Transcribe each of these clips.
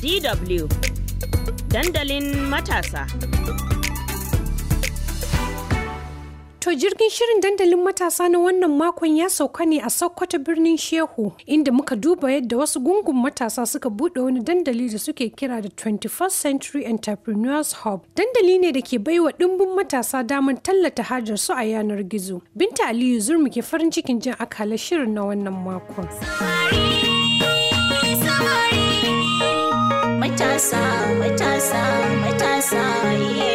DW dandalin matasa. To jirgin shirin dandalin matasa na wannan makon ya sauka ne a Sokoto birnin Shehu inda muka duba yadda wasu gungun matasa suka buɗe wani dandali da suke kira da 21st Century Entrepreneurs Hub. Dandali ne da ke baiwa dimbin matasa damar tallata hajar su a yanar gizo. Binta Aliyu Zurmi ke farin cikin jin akalar shirin na wannan makon. matasa matasa matasa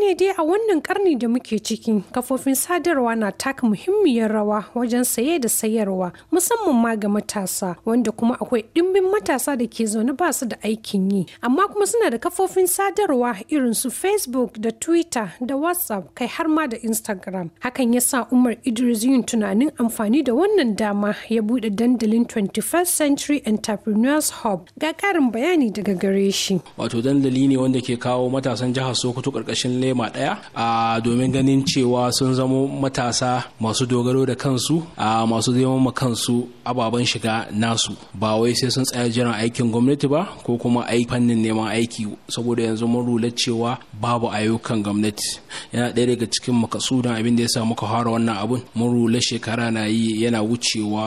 ne dai a wannan karni da muke ciki kafofin sadarwa na taka muhimmiyar rawa wajen saye da sayarwa musamman ma ga matasa wanda kuma akwai ɗimbin matasa da ke zaune ba su da aikin yi amma kuma suna da kafofin sadarwa irin su facebook da twitter da whatsapp kai har ma da instagram hakan ya sa umar idris yin tunanin amfani da wannan dama ya buɗe dandalin 21st century entrepreneurs hub ga ƙarin bayani daga gare shi wato dandali ne wanda ke kawo matasan jihar sokoto ƙarƙashin lema ɗaya a domin ganin cewa sun zamo matasa masu dogaro da kansu a masu zama ma kansu ababen shiga nasu ba wai sai sun tsaya jiran aikin gwamnati ba ko kuma ai fannin neman aiki saboda yanzu mun rula cewa babu ayyukan gwamnati yana ɗaya daga cikin makasudan abin da ya sa muka fara wannan abun mun rula shekara na yi yana wucewa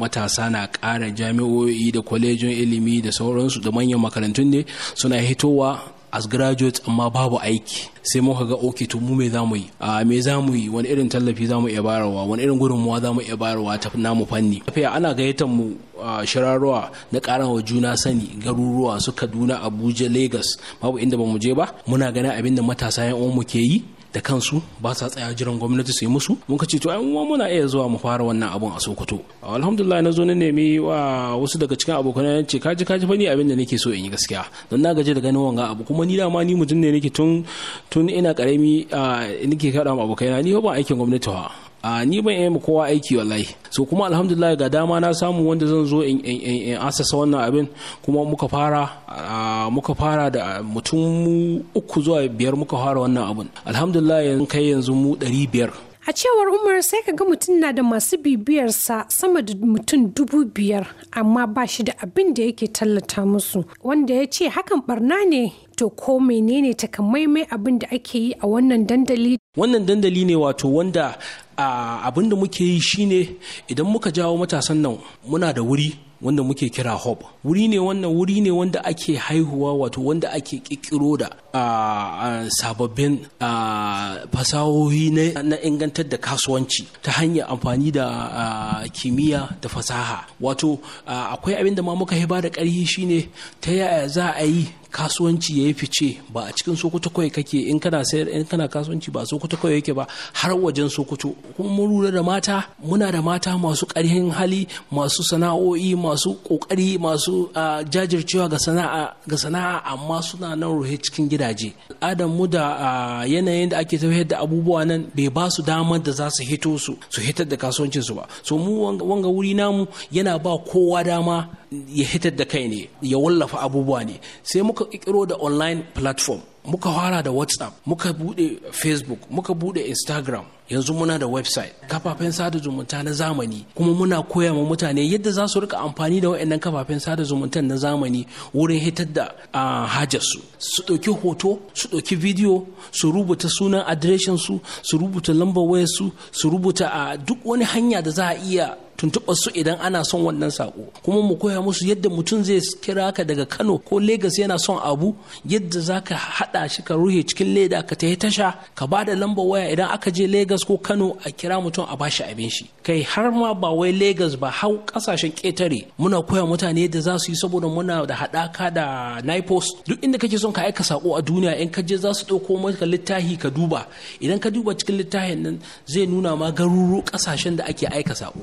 matasa na ƙara jami'o'i da kwalejin ilimi da sauransu da manyan makarantun ne suna hitowa as graduates amma babu aiki sai muka ga oke to mu me zamu yi a ah, me zamu yi wani irin tallafi zamu iya bayarwa wani irin za mu iya bayarwa ta namu fanni tafiya ana gayyatar mu ah, shirarwa na karan wa juna sani garuruwa su Kaduna Abuja Lagos babu inda ba mu je ba muna ganin abin da matasa yan uwan mu ke yi da kansu ba sa tsaya jiran gwamnati su yi musu mun ka ce to ai muna iya zuwa mu fara wannan abun a Sokoto alhamdulillah na zo na nemi wa wasu daga cikin abokan na ce kaji kaji fani abin da nake so in yi gaskiya don na gaji da ganin wanga abu kuma ni dama ni mutum ne nake tun tun ina karami nake kaɗa ma abokaina ni ba aikin gwamnati ba a ni ban yi kowa aiki wallahi so kuma alhamdulillah ga dama na samu wanda zan zo in asasa wannan abin kuma muka fara muka fara da mutum uku zuwa biyar muka fara wannan abin alhamdulillah yanzu kai yanzu mu ɗari biyar A cewar Umar sai ka ga mutum na da masu bibiyarsa sama da mutum dubu biyar amma ba shi da abin da yake tallata musu wanda ya ce hakan barna ne to ko menene takamaimai abin da ake yi a wannan dandali. Wannan dandali ne wato wanda abin da muke yi shine idan muka jawo matasan nan muna da wuri wanda muke kira hob. wuri ne wannan wuri ne wanda ake haihuwa wato wanda ake kikiro da sababbin fasahohi na ingantar da kasuwanci ta hanyar amfani da kimiyya da fasaha wato akwai abin da ma muka hiba da ƙarfi shine ta yaya za a yi kasuwanci ya yi fice ba a cikin sokoto kawai kake in kana sayar in kana kasuwanci ba sokoto kawai yake ba har wajen sokoto kuma mun lura da mata muna da mata masu ƙarfin hali masu sana'o'i masu ƙoƙari masu jajircewa ga sana'a ga sana'a amma suna nan ruhe cikin gidaje mu da yanayin da ake tafiyar da abubuwa nan bai ba su damar da za su hito su su hitar da kasuwancin su ba so mu wanga wuri namu yana ba kowa dama ya hitar da kai ne ya wallafa abubuwa ne sai muka kikiro da online platform muka fara da whatsapp muka bude facebook muka bude instagram yanzu muna da website kafafen sada zumunta na zamani kuma muna koya ma mutane yadda za su rika amfani da waɗannan kafafen sada zumunta na zamani wurin hitar da hajarsu su ɗauki hoto su ɗauki bidiyo su rubuta sunan adireshin su su rubuta lambar wayar su su rubuta a duk wani hanya da za a iya tuntuɓar su idan ana son wannan sako kuma mu koya musu yadda mutum zai kira ka daga Kano ko Legas yana son abu yadda za ka haɗa shi ka ruhe cikin leda ka tafi tasha ka ba da lambar waya idan aka je Legas ko Kano a kira mutum a bashi abin shi kai har ma ba wai Legas ba hau kasashen ƙetare muna koya mutane yadda za su yi saboda muna da haɗaka da NIPOS duk inda kake son ka aika sako a duniya in ka je za su ɗauko maka littafi ka duba idan ka duba cikin littafin nan zai nuna ma garuru kasashen da ake aika sako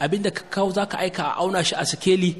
abin da ka kawo za ka aika a auna shi a sikeli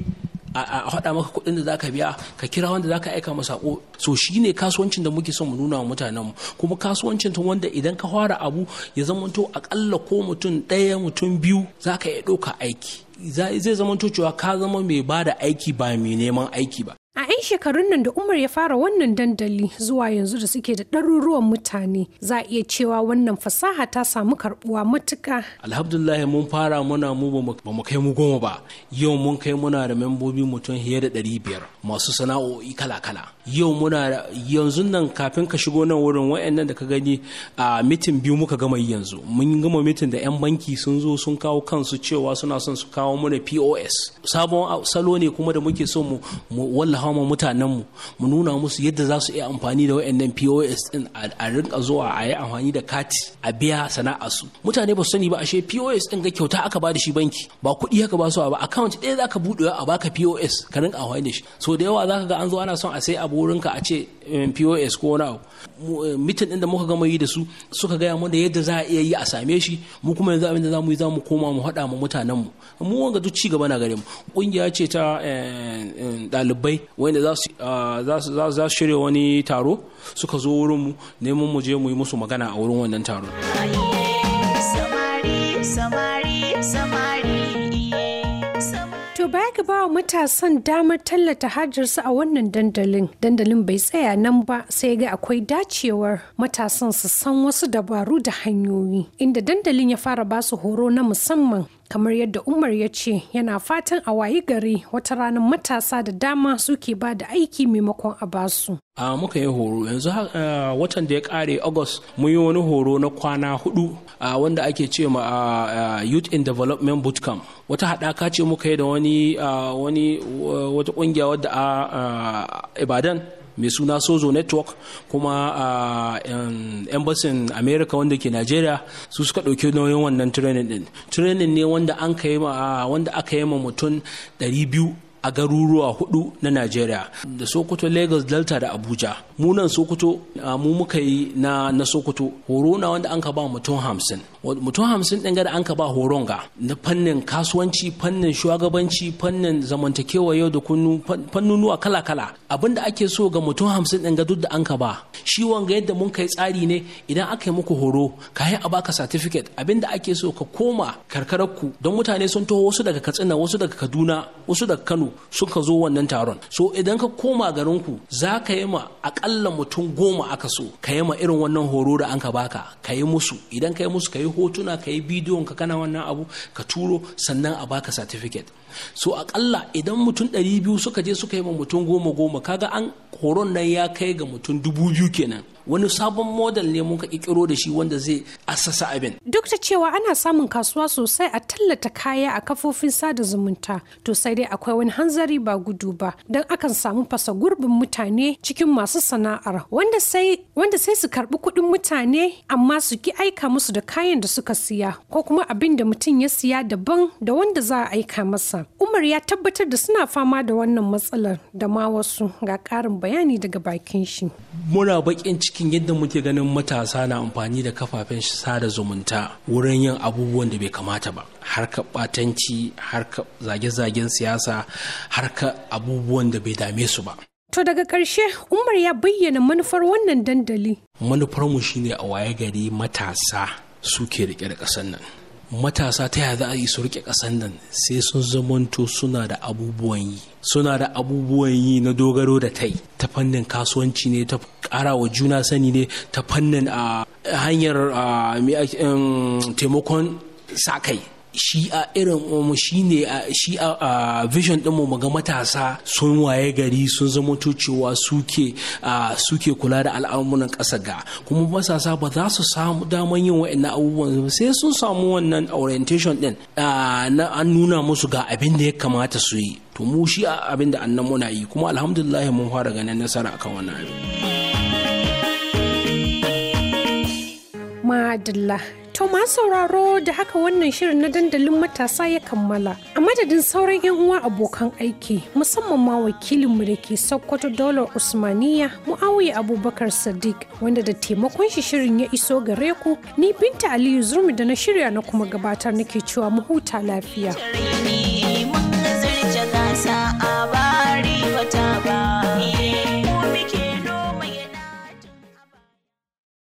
a haɗa maka kuɗin da za ka biya ka kira wanda za ka aika masa ko so shi ne kasuwancin da muke son mu nuna wa mutanen mu kuma kasuwancin ta wanda idan ka fara abu ya zamanto akalla ko mutum ɗaya mutum biyu za ka iya ɗauka aiki zai zamanto cewa ka zama mai ba da aiki ba mai neman aiki ba 'yan shekarun nan da umar ya fara wannan dandali zuwa yanzu da suke da ɗaruruwan mutane za a iya cewa wannan fasaha ta samu karbuwa matuka alhamdulillah mun fara muna mu ba mu kai mu goma ba yau mun kai muna da membobi mutum fiye da ɗari biyar masu sana'o'i kala-kala yau muna yanzu nan kafin ka shigo nan wurin wayannan da ka gani a mitin biyu muka gama yanzu mun gama mitin da 'yan banki sun zo sun kawo kansu cewa suna son su kawo mana pos sabon salo ne kuma da muke so mu wallafa ma mutanenmu mu nuna musu yadda za su iya amfani da wayannan pos din a rinka zuwa a yi amfani da kati a biya sana'a su mutane ba su sani ba ashe pos din ga kyauta aka ba da shi banki ba kuɗi haka ba su ba account ɗaya za ka buɗewa a baka pos ka rinka amfani da shi so da yawa za ka ga an zo ana son a sai abu wurinka a ce eh, pos ko wani mitin eh, ɗin da muka gama yi da su suka gaya mu da yadda za a iya yi a same shi mu kuma yanzu abin da za mu yi za mu koma mu haɗa mu mutanenmu mu wanga duk ci gaba na gare mu ƙungiya ce ta eh, ɗalibai wanda ah, za su shirya wani taro suka zo wurin mu neman mu je mu yi musu magana a wurin wannan taron. samari samari samari To baya ga bawa matasan damar tallata hajarsu a wannan dandalin. Dandalin bai tsaya nan ba sai ga akwai dacewar matasan su san wasu dabaru da hanyoyi. Inda dandalin ya fara basu horo na musamman kamar yadda umar ya ce yana fatan a wayi gari wata ranar matasa da dama suke ba da aiki maimakon a basu a muka yi horo yanzu watan da ya kare august mun yi wani horo na kwana hudu wanda ake ce ma youth in development bootcamp wata haɗaka ce muka yi da wani wata ƙungiya wadda a ibadan mai suna sozo network kuma a embassin america wanda ke nigeria su suka ɗauki nauyin wannan training din training ne wanda an ka yi wanda aka yi ma mutum 200 a garuruwa hudu na nigeria da Sokoto, Lagos, Delta da Abuja. Munan Sokoto mu muka yi na, na Sokoto horo na wanda an ka ba mutum hamsin. mutum hamsin ɗin gada an ka ba horon ga na fannin kasuwanci fannin shugabanci fannin zamantakewa yau da kunnu fannunuwa kala kala abin da ake so ga mutum hamsin ɗin duk da an ka ba shi wanga yadda mun kai tsari ne idan aka yi muku horo ka yi a baka certificate abin da ake so ka koma karkararku don mutane sun taho wasu daga katsina wasu daga kaduna wasu daga kano suka zo wannan taron so idan ka koma garin ku za ka yi ma akalla mutum goma aka so ka yi ma irin wannan horo da an ka baka ka yi musu idan ka yi musu ka yi hotuna ka yi bidiyon ka kana wannan abu ka turo sannan a baka certificate so akalla idan mutum 200 suka je suka yi ma mutum goma goma kaga an horon nan ya kai ga mutum dubu biyu kenan wani sabon model ne muka kikiro da shi wanda zai assasa abin duk da cewa ana samun kasuwa sosai a tallata kaya a kafofin sada zumunta to sai dai akwai wani hanzari ba gudu ba don akan samu fasa gurbin mutane cikin masu sana'ar wanda sai su karbi kuɗin mutane amma su ki aika musu da kayan da suka siya ko kuma abin da mutum ya siya daban da wanda za a aika masa umar ya tabbatar da suna fama da wannan matsalar da ma wasu ga ƙarin bayani daga bakin shi muna bakin cikin yadda muke ganin matasa na amfani da kafafen sada zumunta wurin yin abubuwan da bai kamata ba har ka batanci ka zage-zagen siyasa har ka abubuwan da bai dame su ba To daga ƙarshe Umar ya bayyana manufar wannan dandali. Manufarmu shine a waye gari matasa suke rike da ƙasar nan. matasa ta yaya za a yi su rike ƙasan nan sai sun zamanto suna da abubuwan yi suna da abubuwan yi na dogaro da tai ta fannin kasuwanci ne ta ƙara wa juna sani ne ta fannin a ah, hanyar ah, taimakon sa kai Shi a irin mu shi ne a vision din mu ga matasa sun waye gari sun zama cewa suke suke kula da al'amuran ƙasa ga kuma matasa ba za su samu daman yin wa'annan abubuwan sai sun samu wannan orientation ɗin na an nuna musu ga abin da ya kamata su yi to mu shi a abin da annan muna yi kuma alhamdulillah mun fara ganin nasara akan wannan abin madalla To masu sauraro da haka wannan shirin na dandalin matasa ya kammala. A madadin sauran 'yan uwa abokan aiki musamman ma wakilinmu da ke Sokoto Dolar Usmaniya mu'awiyar Abubakar Sadiq wanda da taimakon shi shirin ya iso gare ku ni Binta Aliyu Zurmi da na shirya na kuma gabatar nake cewa mu huta lafiya.